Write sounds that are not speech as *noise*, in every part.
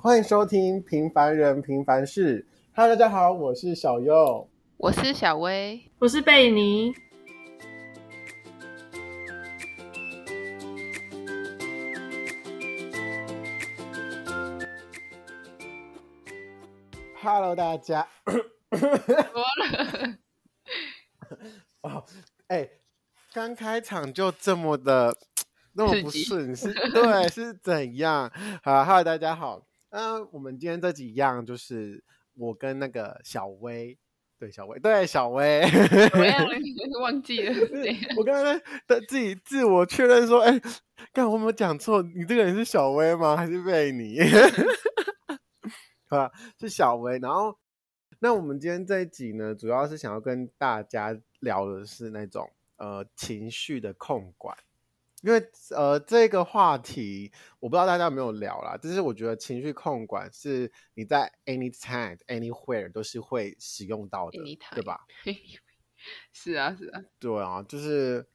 歡迎收聽《平凡人平凡事》。Hello，大家好，我是小優，我是小薇，我是貝尼。Hello，大家。多了。哦，哎、欸，剛開場就這麼的那麼不順，是？對，是怎樣？啊 *laughs* ，Hello，大家好。嗯、啊，我們今天這幾樣就是我跟那個小薇，對小薇，對小薇，小 *laughs* *laughs* 我剛才在自己自我確認說，哎、欸，看我有沒有講錯，你這個人是小薇嗎？還是貝尼 *laughs* 好、啊、是小薇。然後，那我們今天這一集呢，主要是想要跟大家聊的是那種呃情緒的控管。因為呃，這個話題我不知道大家有沒有聊啦。就是我覺得情緒控管是你在 anytime anywhere 都是會使用到的，對吧？ *laughs* 是啊，是啊。對啊，就是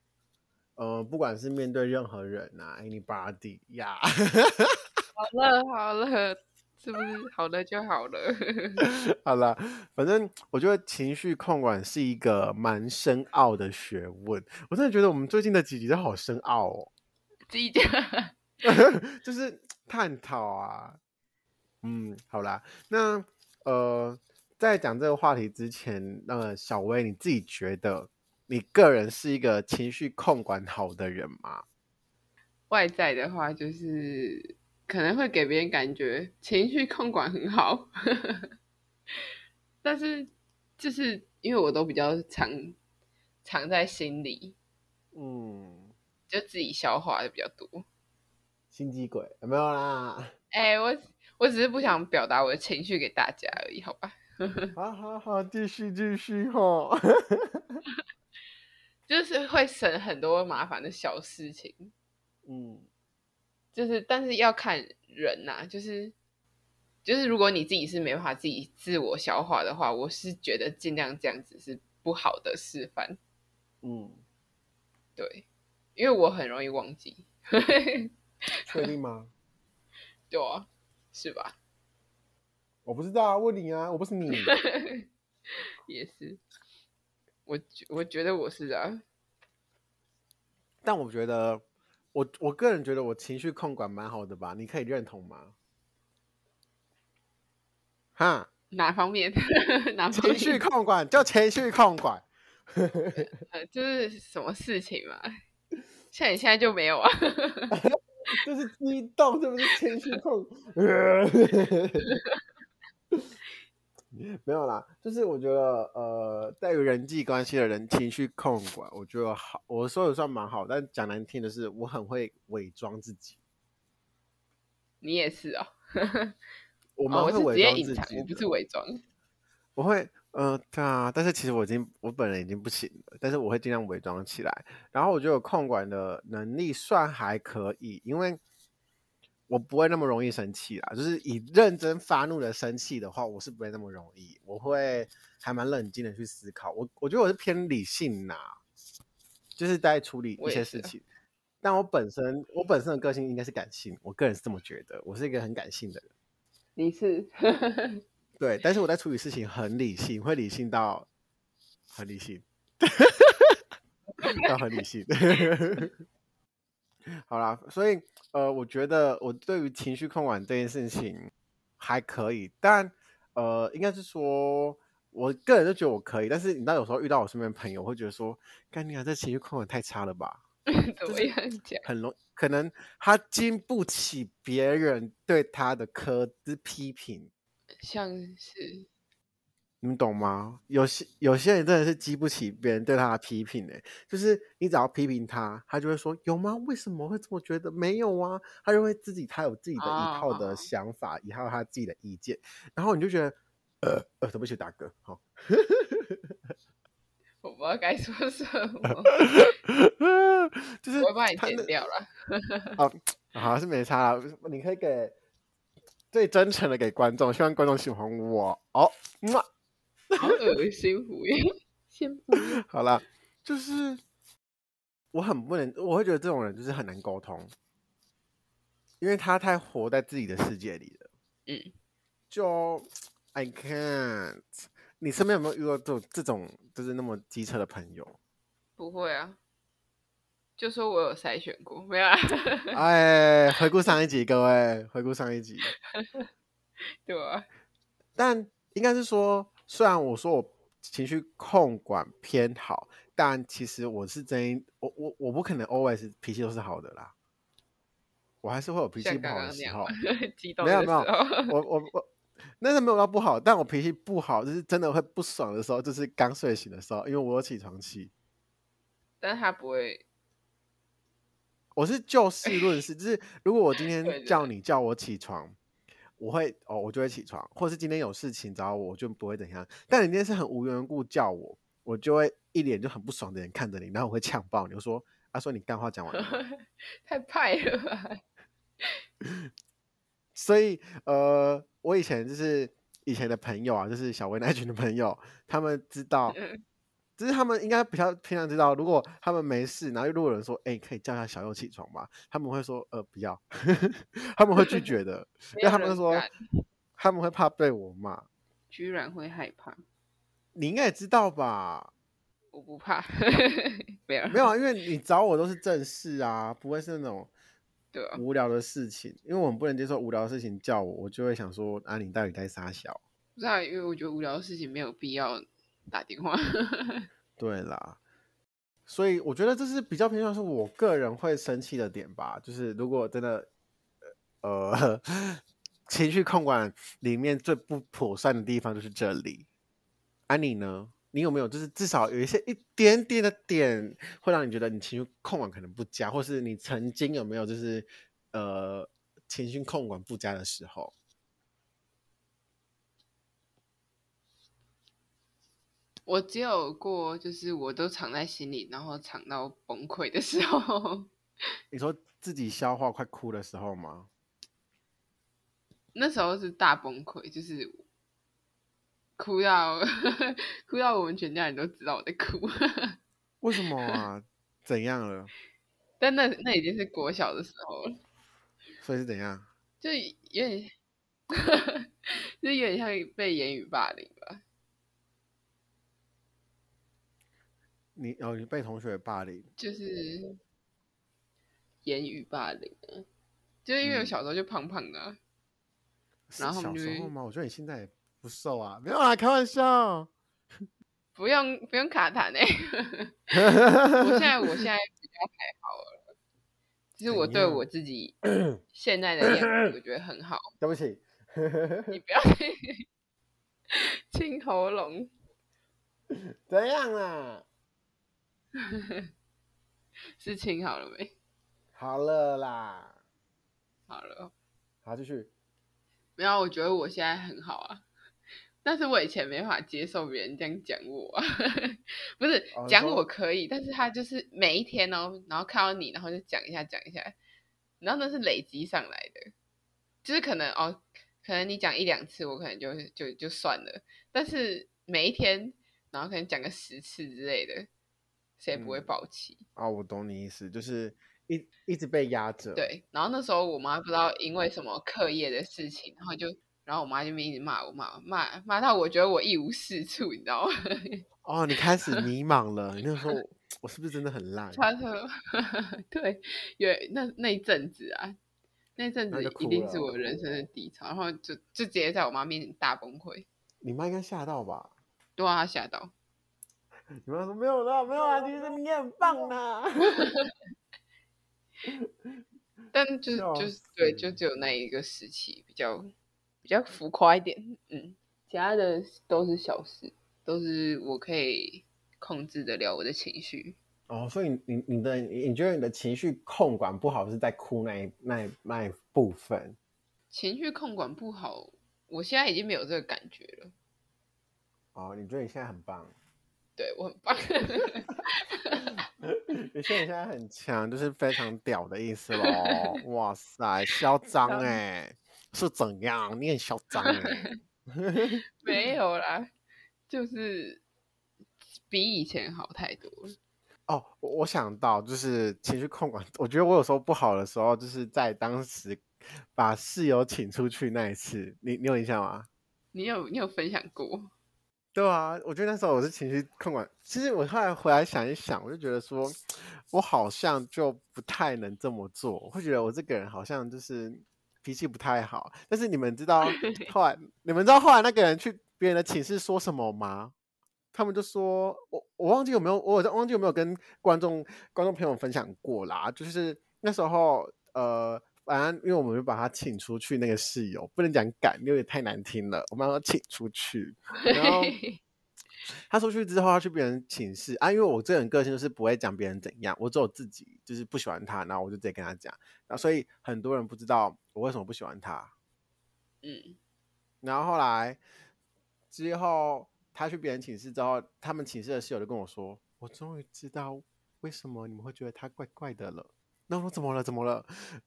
呃，不管是面對任何人吶、啊，anybody，呀、yeah。 *laughs* 好了，好了。是不是好了就好了？ *laughs* *laughs* 好了，反正我覺得情緒控管是一個蠻深奧的學問。我真的覺得我們最近的幾集都好深奧哦。這 *laughs* 一就是探討啊。嗯，好啦，那呃，在講這個話題之前，那個、小薇，你自己覺得你個人是一個情緒控管好的人嗎？外在的話，就是。可能會給別人感覺情緒控管很好呵呵，但是就是因為我都比較藏藏在心裡，嗯，就自己消化的比較多。心機鬼有沒有啦，哎、欸，我我只是不想表達我的情緒給大家而已，好吧？呵呵好好好，繼續繼續哈，哦、 *laughs* 就是會省很多麻煩的小事情，嗯。就是，但是要看人吶、啊，就是，就是如果你自己是沒辦法自己自我消化的話，我是覺得儘量這樣子是不好的示範。嗯，對，因為我很容易忘記。確 *laughs* 定嗎？ *laughs* 對啊，是吧？我不知道啊，問你啊，我不是你。 *laughs* 也是，我我覺得我是啊，但我覺得。我我個人覺得我情緒控管蠻好的吧，你可以認同嗎？哈？哪方面？哪方面？情緒控管 *laughs* 就情緒控管 *laughs* 、呃，就是什麼事情嘛？像你現在就沒有啊？就 *laughs* *laughs* 是激動，是不是情緒控？ *laughs* *laughs* *laughs* 沒有啦，就是我覺得，呃，在於人際關係的人情緒控管，我覺得好，我說的算蠻好，但講難聽的是，我很會偽裝自己。你也是哦， *laughs* 我蠻會偽裝自己、哦、我是直接隱藏，不是偽裝。我會，嗯、呃，對啊，但是其實我已經，我本人已經不行了，但是我會盡量偽裝起來。然後我覺得控管的能力算還可以，因為。我不會那麼容易生氣啦，就是以認真發怒的生氣的話，我是不會那麼容易，我會還蠻冷靜的去思考。我我覺得我是偏理性吶，就是在處理一些事情。我但我本身我本身的個性應該是感性，我個人是這麼覺得，我是一個很感性的人。你是？ *laughs* 對，但是我在處理事情很理性，會理性到很理性， *laughs* 到很理性， *laughs* 好啦，所以呃，我覺得我對於情緒控管這件事情還可以，但呃，應該是說，我個人就覺得我可以，但是你知道有時候遇到我身邊朋友，會覺得說，幹娘、啊、這情緒控管太差了吧？我也很講，很容，可能他經不起別人對他的苛之批評，像是。你們懂嗎？有些有些人真的是激不起別人對他的批評呢、欸。就是你只要批評他，他就會說：“有嗎？為什麼我會這麼覺得？沒有啊！”他認為自己，他有自己的一套的想法，一、哦、還有他自己的意見。哦、然後你就覺得、哦、呃呃，對不起大哥，好、哦， *laughs* 我不知道該說什麼， *laughs* *laughs* 就是我把你剪掉了、 *laughs* 哦。好，好像是沒差，你可以給最真誠的給觀眾，希望觀眾喜歡我哦嘛。好惡心服，討厭、啊。先 *laughs* 好了，就是我很不能，我會覺得這種人就是很難溝通，因為他太活在自己的世界裡了。嗯。就 I can't。你身邊有沒有遇到這種這種就是那麼機車的朋友？不會啊。就說我有篩選過，沒有、啊。 *laughs* 哎，回顧上一集，各位回顧上一集。 *laughs* 對吧、啊？但應該是說。雖然我說我情緒控管偏好，但其實我是真，我我我不可能 always 脾氣都是好的啦，我還是會有脾氣不好的時候，剛剛沒有， *laughs* 激動沒有，沒有，我我我那是個，沒有到不好，但我脾氣不好就是真的會不爽的時候，就是剛睡醒的時候，因為我有起床氣，但他不會，我是就事論事， *laughs* 就是如果我今天叫你叫我起床。 *laughs* 我會哦，我就會起床，或是今天有事情找我，我就不會怎樣。但你今天是很無緣故叫我，我就會一臉就很不爽的人看着你，然後我會嗆爆你。你說，他、啊、說你幹話講完了， *laughs* 太派了吧？ *laughs* 所以呃，我以前就是以前的朋友啊，就是小薇那群的朋友，他們知道、嗯。只是他們應該比較平常知道，如果他們沒事，然後如果有人說：“哎、欸，可以叫一下小佑起床嗎？”他們會說：“呃，不要。呵呵”他們會拒絕的， *laughs* 因為他們說他們會怕被我罵。居然會害怕？你應該也知道吧？我不怕， *laughs* 沒有、啊， *laughs* 因為你找我都是正事啊，不會是那種對無聊的事情。啊、因為我們不能接受無聊的事情叫我，我就會想說：“啊，你到底在撒小。”不是啊，因為我覺得無聊的事情沒有必要。打電話，對啦，所以我覺得這是比較平常是我個人會生氣的點吧。就是如果真的，呃，情緒控管裡面最不妥善的地方就是這裡。而、啊、你呢，你有沒有就是至少有一些一點點的點，會讓你覺得你情緒控管可能不佳，或是你曾經有沒有就是呃情緒控管不佳的時候？我只有過，就是我都藏在心裡，然後藏到崩潰的時候。你說自己消化快哭的時候嗎？ *laughs* 那時候是大崩潰，就是哭到哭到我們全家人都知道我在哭。 *laughs* 為什麼啊？怎樣了？ *laughs* 但那那已經是國小的時候了。所以是怎樣？就有點， *laughs* 就有點像被言語霸凌吧。你哦，你被同學霸凌，就是言語霸凌。就是因為我小時候就胖胖的。啊嗯，然後小時候嗎？我覺得你現在也不瘦啊，沒有啊，開玩笑，不用不用卡痰的，欸。 *laughs* 我現在我現在比較還好，了，就是我對我自己咳咳現在的樣子，我覺得很好。對不起，你不要清喉嚨，這樣啊？呵呵，事情好了沒？好了啦，好了，好，繼續。沒有，我覺得我現在很好啊。但是我以前沒法接受別人這樣講我，啊， *laughs* 不是、哦、講我可以，但是他就是每一天哦，然後看到你，然後就講一下，講一下，然後那是累積上來的，就是可能哦，可能你講一兩次，我可能就就就算了，但是每一天，然後可能講個十次之類的。誰不會抱起？啊、嗯哦？我懂你意思，就是一一直被壓着。對，然後那時候我媽不知道因為什麼課業的事情，然後就，然後我媽就一直罵我，罵罵罵到我覺得我一無是處，你知道嗎？哦，你開始迷茫了。 *laughs* 那時候我是不是真的很爛？他說，對，有那那一陣子啊，那陣子一定是我人生的低潮，那個、然後就就直接在我媽面前大崩潰。你媽應該嚇到吧？對啊，嚇到。你們說沒有啦，沒有啦，其實你也很棒啦、啊。 *laughs* *laughs* 但就是就，就是對，就只有那一個時期比較比較浮誇一點，嗯，其他的都是小事，都是我可以控制得了我的情緒。哦，所以你你你的你覺得你的情緒控管不好是在哭那一那一那一部分？情緒控管不好，我現在已經沒有這個感覺了。哦，你覺得你現在很棒。對，我很棒。 *laughs* *laughs* 你現在很強，就是非常屌的意思咯。哇塞， *laughs* 囂張哎、欸，是怎樣？你很囂張哎、欸， *laughs* *laughs* 沒有啦，就是比以前好太多。哦，我，我想到就是情緒控管，我覺得我有時候不好的時候，就是在當時把室友請出去那一次，你你有印象嗎？你有你有分享過？對啊，我覺得那時候我是情緒控管。其實我後來回來想一想，我就覺得說，我好像就不太能這麼做，我會覺得我這個人好像就是脾氣不太好。但是你們知道後來，你們知道後來那個人去別人的寢室說什麼嗎？他們就說，我我忘記有沒有，我忘記有沒有跟觀眾觀眾朋友分享過啦。就是那時候，呃。反正因為我們就把他請出去。那個室友不能講趕，因為也太難聽了。我們要把他請出去。然後他出去之後，他去別人寢室啊。因為我這種個性就是不會講別人怎樣，我只有自己就是不喜歡他，然後我就直接跟他講。然後所以很多人不知道我為什麼不喜歡他。嗯。然後後來之後，他去別人寢室之後，他們寢室的室友就跟我說：“我終於知道為什麼你們會覺得他怪怪的了。”那我怎麼了？怎麼了？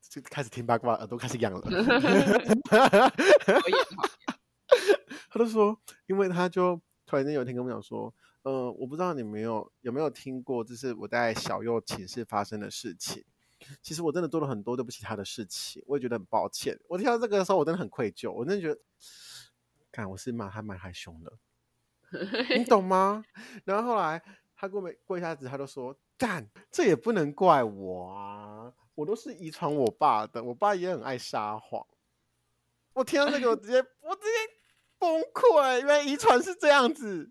就開始聽八卦，耳朵開始癢了。 *laughs* *laughs* 他就說，因為他就突然間有一天跟我講說：“呃，我不知道你沒有有沒有聽過，就是我在小 yo 寢室發生的事情。其實我真的做了很多對不起他的事情，我也覺得很抱歉。我聽到這個的時候，我真的很愧疚。我真的覺得，看我是蠻還蠻害羞的，你懂嗎？ *laughs* 然後後來他過沒過一下子，他就說。”但這也不能怪我啊！我都是遺傳我爸的，我爸也很愛撒謊。我聽到這個，我直接 *laughs* 我直接崩潰，因為遺傳是這樣子。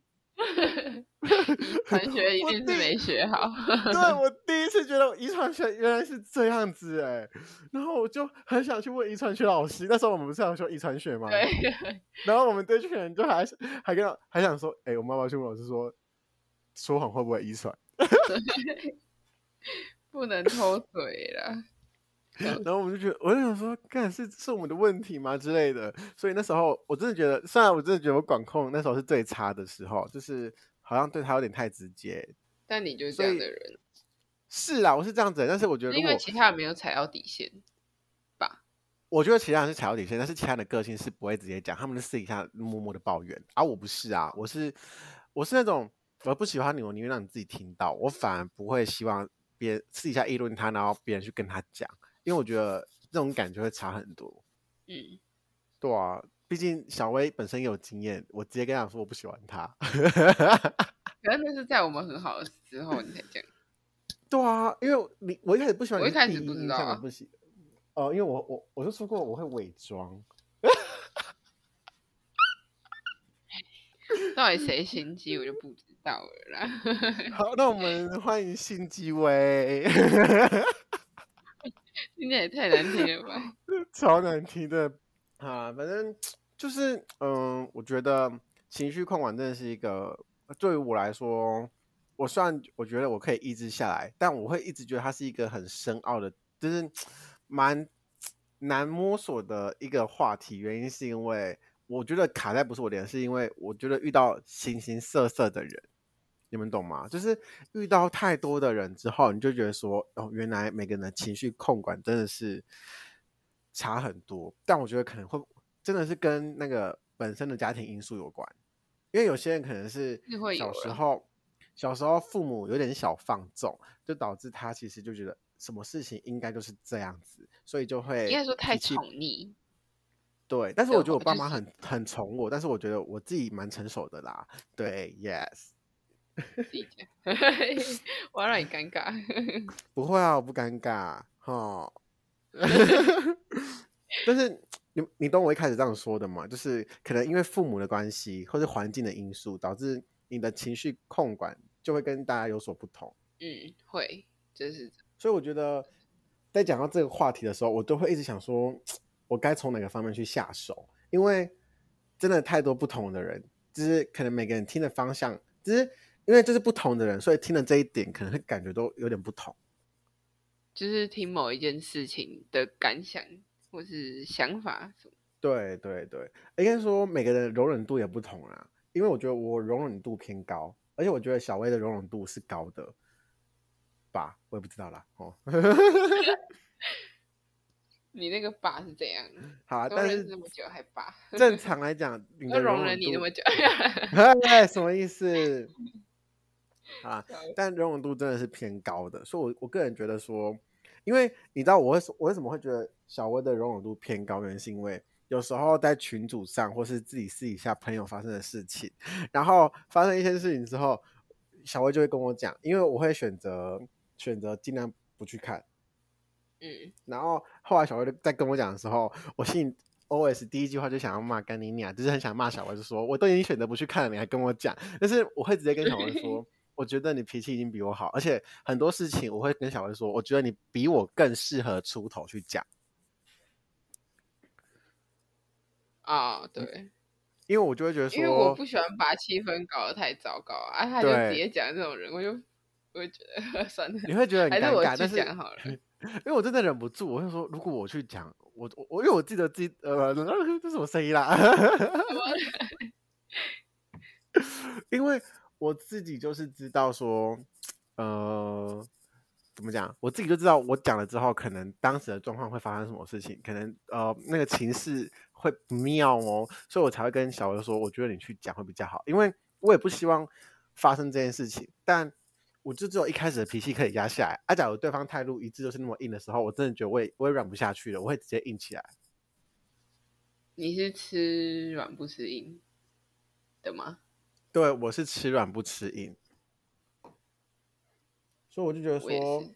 傳 *laughs* 學一定是沒學好。 *laughs* 對，我第一次覺得遺傳學原來是這樣子哎、欸，然後我就很想去問遺傳學老師。那時候我們不是要學遺傳學嗎？對 *laughs* 然後我們這群人就還還跟還想說，哎、欸，我媽媽去問老師說，說謊會不會遺傳？ *laughs* *laughs* 不能偷嘴啦， *laughs* 然後我們就覺得，我就想說，幹是是我們的問題嗎之類的？所以那時候我真的覺得，雖然我真的覺得我管控那時候是最差的時候，就是好像對他有點太直接。但你就是這樣的人。是啦，我是這樣子，但是我覺得如果，因為其他人沒有踩到底線吧？我覺得其他人是踩到底線，但是其他人的個性是不會直接講，他們私底下默默的抱怨啊，我不是啊，我是我是那種。我不喜歡你，我寧願讓你自己聽到，我反而不會希望別人私底下議論他，然後別人去跟他講，因為我覺得這種感覺會差很多。嗯，對啊，畢竟小薇本身也有經驗，我直接跟他說我不喜歡他。 *laughs* 可是那是在我們很好的時候你才講。對啊，因為你我一開始不喜歡你一，我一開始不知道、啊、不喜哦、呃，因為我我我就說過我會偽裝。 *laughs* 到底誰心機，我就不知。 *laughs* *laughs* 好，那我們歡迎新機偉。現 *laughs* 在也太難聽了吧，超難聽的啊！反正就是，嗯，我覺得情緒控管真的是一個，對於我來說，我算，我覺得我可以抑制下來，但我會一直覺得它是一個很深奧的，就是蠻難摸索的一個話題。原因是因為我覺得卡在不是我臉，是因為我覺得遇到形形色色的人。你們懂嗎？就是遇到太多的人之後，你就覺得說，哦，原來每個人的情緒控管真的是差很多。但我覺得可能會真的是跟那個本身的家庭因素有關，因為有些人可能是小時候小時候父母有點小放縱，就導致他其實就覺得什麼事情應該就是這樣子，所以就會應該說太寵溺。對，但是我覺得我爸媽很、就是、很寵我，但是我覺得我自己蠻成熟的啦。對，yes。 *laughs* *laughs* 我要讓你尷尬， *laughs* 不會啊，我不尷尬。哈、哦， *laughs* 但是你你懂我一開始這樣說的嗎？就是可能因為父母的關係，或是環境的因素，導致你的情緒控管就會跟大家有所不同。嗯，會，就是。所以我覺得在講到這個話題的時候，我都會一直想說，我該從哪個方面去下手？因為真的太多不同的人，就是可能每個人聽的方向，就是。因為這是不同的人，所以聽了這一點，可能會感覺都有點不同。就是聽某一件事情的感想或是想法什麼。對對對，應該說每個人容忍度也不同啦、啊。因為我覺得我容忍度偏高，而且我覺得小薇的容忍度是高的吧，我也不知道啦。哦。 *laughs* 你那個吧是怎樣？好，但是那麼久還吧？正常來講，都容忍你那麼久。 *laughs* 麼久 *laughs* 哎，什麼意思？啊， *laughs* 但容忍度真的是偏高的，所以我我個人覺得說，因為你知道我會我為什麼會覺得小薇的容忍度偏高？原是因為有時候在群組上或是自己私底下朋友發生的事情，然後發生一些事情之後，小薇就會跟我講，因為我會選擇選擇盡量不去看，嗯，然後後來小薇在跟我講的時候，我心裡 OS 第一句話就想要罵甘妮娘啊，就是很想罵小薇，就說我都已經選擇不去看了，你還跟我講，但是我會直接跟小薇說。 *laughs* 我覺得你脾氣已經比我好，而且很多事情我會跟小威說。我覺得你比我更適合出頭去講。啊、哦，對，因為我就會覺得說，因為我不喜歡把氣氛搞得太糟糕啊。啊他就直接講這種人，我就我覺得算了。你會覺得很尷尬，還是我去講好了。因為我真的忍不住，我會說，如果我去講，我我因為我記得自己呃，這是什麼聲音啦，啊？ *laughs* *laughs* *laughs* 因為。我自己就是知道說，呃，怎麼講？我自己就知道，我講了之後，可能當時的狀況會發生什麼事情，可能呃，那個情勢會不妙哦，所以我才會跟小 wei 說，我覺得你去講會比較好，因為我也不希望發生這件事情，但我就只有一開始的脾氣可以壓下來。而、啊、假如對方態度一致就是那麼硬的時候，我真的覺得我也我也軟不下去了，我會直接硬起來。你是吃軟不吃硬的嗎？對，我是吃軟不吃硬，所以我就覺得說，我也是，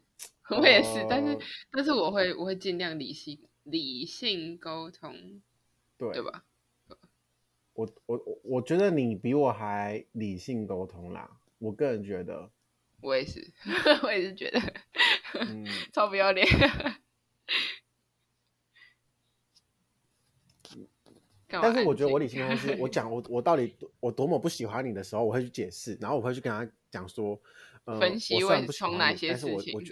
呃，我也是，但是但是我會我會盡量理性理性溝通，對，對吧？我我我我覺得你比我還理性溝通啦，我個人覺得，我也是，我也是覺得，超不要臉。 *laughs* 但是我覺得我理性的東西，我講我我到底我多麼不喜歡你的時候，我會去解釋，然後我會去跟他講說，呃，分析我算不從哪些事情，對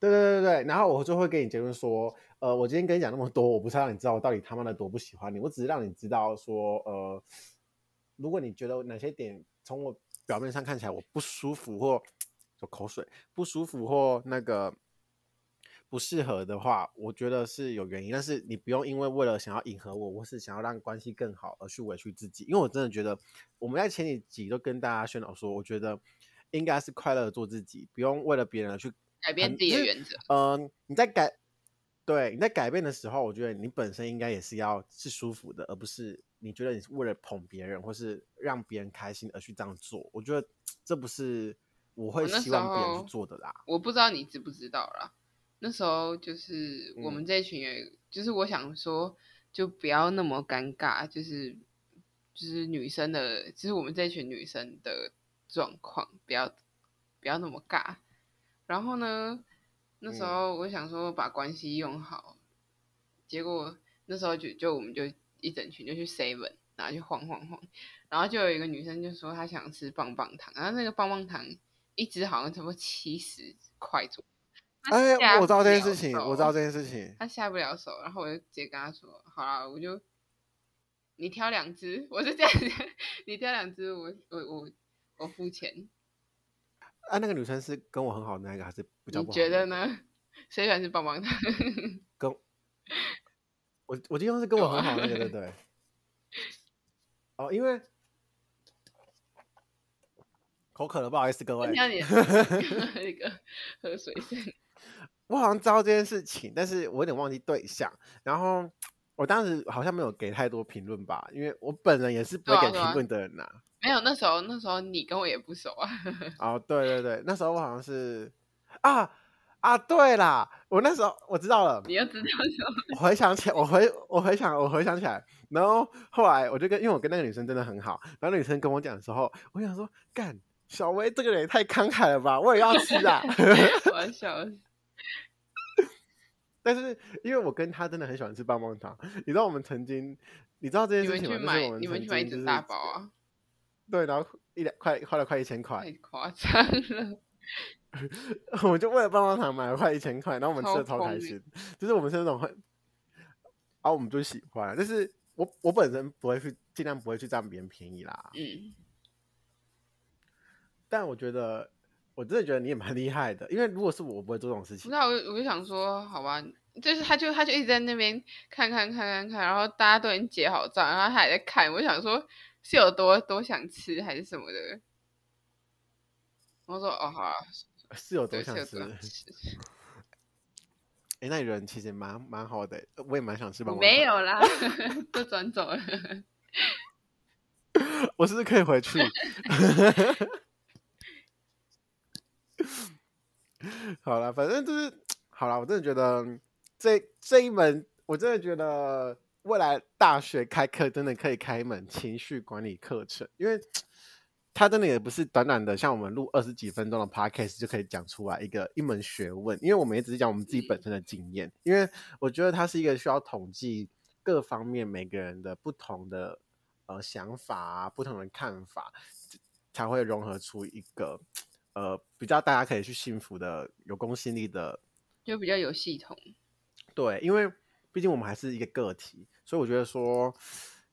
對對對對，然後我就會跟你結論說，呃，我今天跟你講那麼多，我不是讓你知道我到底他媽的多不喜歡你，我只是讓你知道說，呃，如果你覺得哪些點從我表面上看起來我不舒服或有口水不舒服或那個。不適合的話，我覺得是有原因，但是你不用因為為了想要迎合我，或是想要讓關係更好而去委屈自己，因為我真的覺得我們在前幾集都跟大家宣導說，我覺得應該是快樂做自己，不用為了別人而去改變自己的原則。嗯，你在改，對，你在改變的時候，我覺得你本身應該也是要是舒服的，而不是你覺得你是為了捧別人或是讓別人開心而去這樣做，我覺得這不是我會希望別人去做的啦，我。我不知道你知不知道啦。那時候就是我們這群人，就是我想說，就不要那麼尷尬，就是就是女生的，就是我們這群女生的狀況，不要不要那麼尬。然後呢，那時候我想說把關係用好，結果那時候就就我們就一整群就去 seven，然後就晃晃晃，然後就有一個女生就說她想吃棒棒糖，然後那個棒棒糖一支好像差不多七十塊左右。哎，啊、我知道這件事情，我知道這件事情。他下不了手，然後我就直接跟他說：“好了，我就你挑兩隻，我是這樣子， *laughs* 你挑兩隻，我我我我付錢。”啊，那個女生是跟我很好的那個，還是比較不？你覺得呢？誰才是棒棒糖？跟，我我就用是跟我很好那個 *laughs* 對，對對。 *laughs* 哦，因為口渴了，不好意思，各位。要你喝水先。我好像知道這件事情，但是我有點忘記對象。然後我當時好像沒有給太多評論吧，因為我本人也是不會給評論的人吶、啊。沒有，那時候那時候你跟我也不熟啊。 *laughs* 哦，對對對，那時候我好像是啊啊，對啦，我那時候我知道了。你要知道什麼？ *laughs* 我我？我回想起來，我回我回想我回想起來，然後後來我就跟，因為我跟那個女生真的很好。然後女生跟我講的時候，我想說，幹，小薇這個人也太慷慨了吧，我也要吃啊。我笑。， *laughs* *laughs* 但是，因為我跟他真的很喜歡吃棒棒糖，你知道我們曾經，你知道這件事情嗎？你們就是，我們曾經就是大包啊，對，然後一兩塊，花了快一千塊，太誇張了。 *laughs* 我就為了棒棒糖買了快一千塊，然後我們吃的超開心超，就是我們是那種很，啊，我們就喜歡。但是我我本身不會去，盡量不會去占別人便宜啦。嗯。但我覺得。我真的覺得你也蠻厲害的，因為如果是我，我不會做這種事情。那我我就想說，好吧，就是他就他就一直在那邊看，看看看看看，然後大家都已經結好賬，然後他還在看。我想說，是有多多想吃還是什麼的？我說，哦，好，是有多想吃。哎、 *laughs* 欸，那人其實蠻蠻好的、欸，我也蠻想吃，沒有啦， *laughs* *laughs* 都轉走了。 *laughs* 我是不是可以回去？ *laughs* 好了，反正就是好了，我真的覺得這這一門，我真的覺得未來大學開課真的可以開一門情緒管理課程，因為它真的也不是短短的，像我們錄二十幾分鐘的 podcast 就可以講出來一個一門學問，因為我們也只是講我們自己本身的經驗、嗯，因為我覺得它是一個需要統計各方面每個人的不同的呃想法、不同的看法，才會融合出一個。呃，比較大家可以去信服的、有公信力的，就比較有系統。對，因為畢竟我們還是一個個體，所以我覺得說，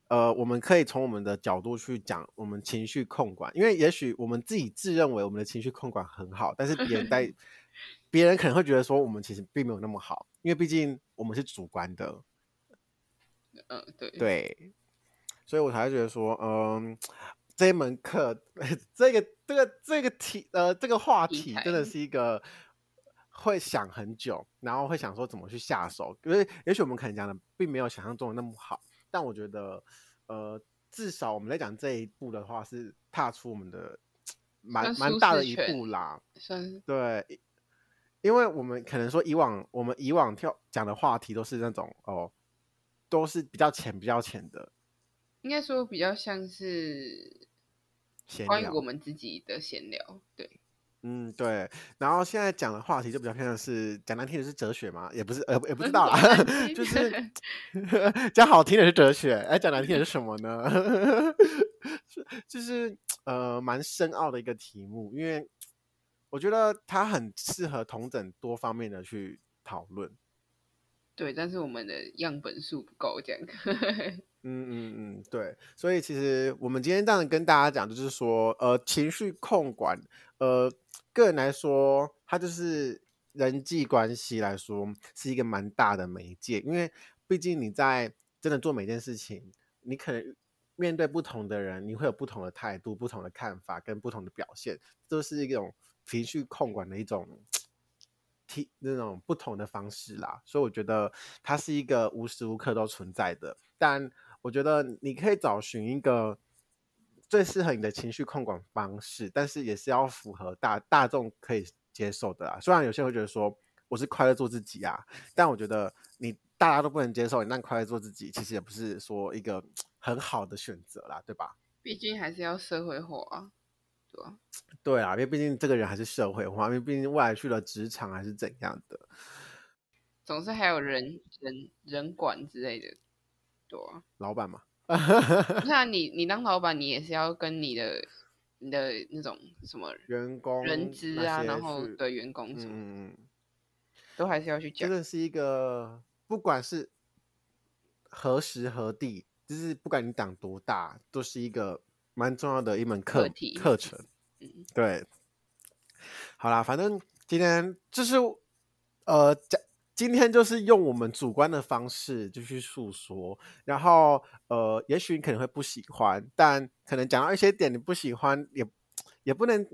呃，我們可以從我們的角度去講我們情緒控管，因為也許我們自己自認為我們的情緒控管很好，但是別人在別 *laughs* 人可能會覺得說我們其實並沒有那麼好，因為畢竟我們是主觀的。呃、對對，所以我才會覺得說，嗯、呃，這一門課 *laughs* 這個。這個這個題，呃，這個話題真的是一個會想很久，然後會想說怎麼去下手。因為也許我們可能講的並沒有想象中的那麼好，但我覺得，呃，至少我們來講這一步的話，是踏出我們的蠻蠻大的一步啦。算是對，因為我們可能說以往我們以往跳講的話題都是那種哦，都是比較淺比較淺的，應該說比較像是。關於我們自己的閒聊，對，嗯，對，然後現在講的話題就比較偏向是講難聽的是哲學嗎？也不是，呃，也不知道啦、啊，這是 *laughs* 就是講好聽的是哲學，哎、欸，講難聽的是什麼呢？ *laughs* 就是呃，蠻深奧的一個題目，因為我覺得它很適合同等多方面的去討論。對，但是我們的樣本數不夠，這樣。呵呵嗯嗯嗯，對，所以其實我們今天這樣跟大家講，就是說，呃，情緒控管，呃，個人來說，它就是人際關係來說是一個蠻大的媒介，因為畢竟你在真的做每件事情，你可能面對不同的人，你會有不同的態度、不同的看法跟不同的表現，都是一種情緒控管的一種提那種不同的方式啦，所以我覺得它是一個無時無刻都存在的，但。我覺得你可以找尋一個最適合你的情緒控管方式，但是也是要符合大大眾可以接受的啊。雖然有些人會覺得說我是快樂做自己啊，但我覺得你大家都不能接受你那快樂做自己，其實也不是說一個很好的選擇啦，對吧？畢竟還是要社會化，對啊，對啊，因為畢竟這個人還是社會化，啊，因為畢竟未來去了職場還是怎樣的，總是還有人人人管之類的。啊、老闆嘛， *laughs* 那你你當老闆，你也是要跟你的你的那種什麼、啊、員工、人資啊，然後的員工什麼、嗯，都還是要去講。這個是一個，不管是何時何地，就是不管你長多大，都、就是一個蠻重要的一門課課程。嗯，對。好啦，反正今天就是呃今天就是用我們主觀的方式就去訴說，然後呃，也許你可能會不喜歡，但可能講到一些點你不喜歡也，也也不能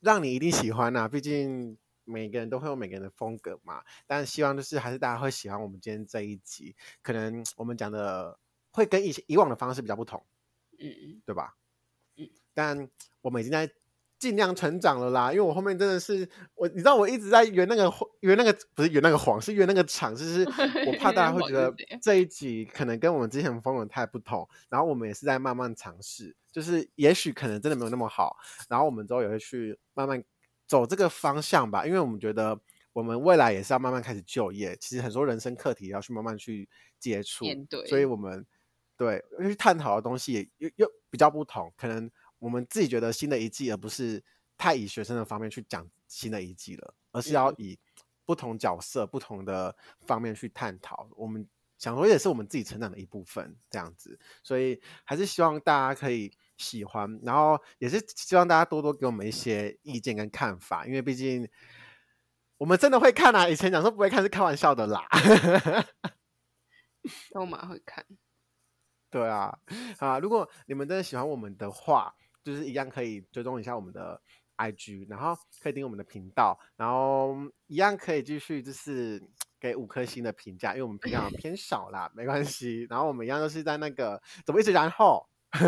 讓你一定喜歡吶、啊。畢竟每個人都會有每個人的風格嘛。但希望就是還是大家會喜歡我們今天這一集。可能我們講的會跟以前以往的方式比較不同，嗯嗯，對吧？嗯，但我們已經在。盡量成長了啦，因為我後面真的是我，你知道我一直在圓那個圓那個圓、那個、不是圓那個謊，是圓那個場，就是我怕大家會覺得這一集可能跟我們之前風格太不同。然後我們也是在慢慢嘗試，就是也許可能真的沒有那麼好。然後我們之後也會去慢慢走這個方向吧，因為我們覺得我們未來也是要慢慢開始就業，其實很多人生課題要去慢慢去接觸，對，所以我們對，要去探討的東西也又又比較不同，可能。我們自己覺得新的一季，而不是太以學生的方面去講新的一季了，而是要以不同角色、不同的方面去探討。我們想說，也是我們自己成長的一部分，這樣子。所以還是希望大家可以喜歡，然後也是希望大家多多給我們一些意見跟看法，因為畢竟我們真的會看啊。以前講說不會看是開玩笑的啦。我媽會看。對啊，啊，如果你們真的喜歡我們的話，就是一樣可以追蹤一下我們的 IG，然後可以訂閱我們的頻道，然後一樣可以繼續就是給五顆星的評價，因為我們平常偏少啦， *laughs* 沒關係。然後我們一樣都是在那個怎麼一直然後， *laughs*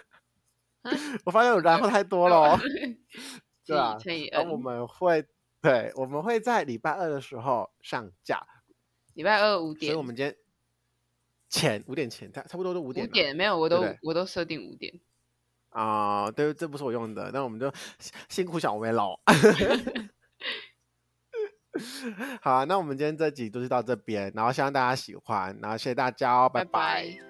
*laughs* *laughs* 我發現我然後太多了，對 *laughs* 啊，然後我們會對，我們會在禮拜二的時候上架，禮拜二五點，所以我們今天前五點前，差不多都五點了，五點沒有，我都對對我都設定五點。啊，呃，對，這不是我用的，那我們就辛苦小薇嘍。 *laughs* 好，那我們今天這集就是到這邊，然後希望大家喜歡，然後謝謝大家哦，拜拜。拜拜。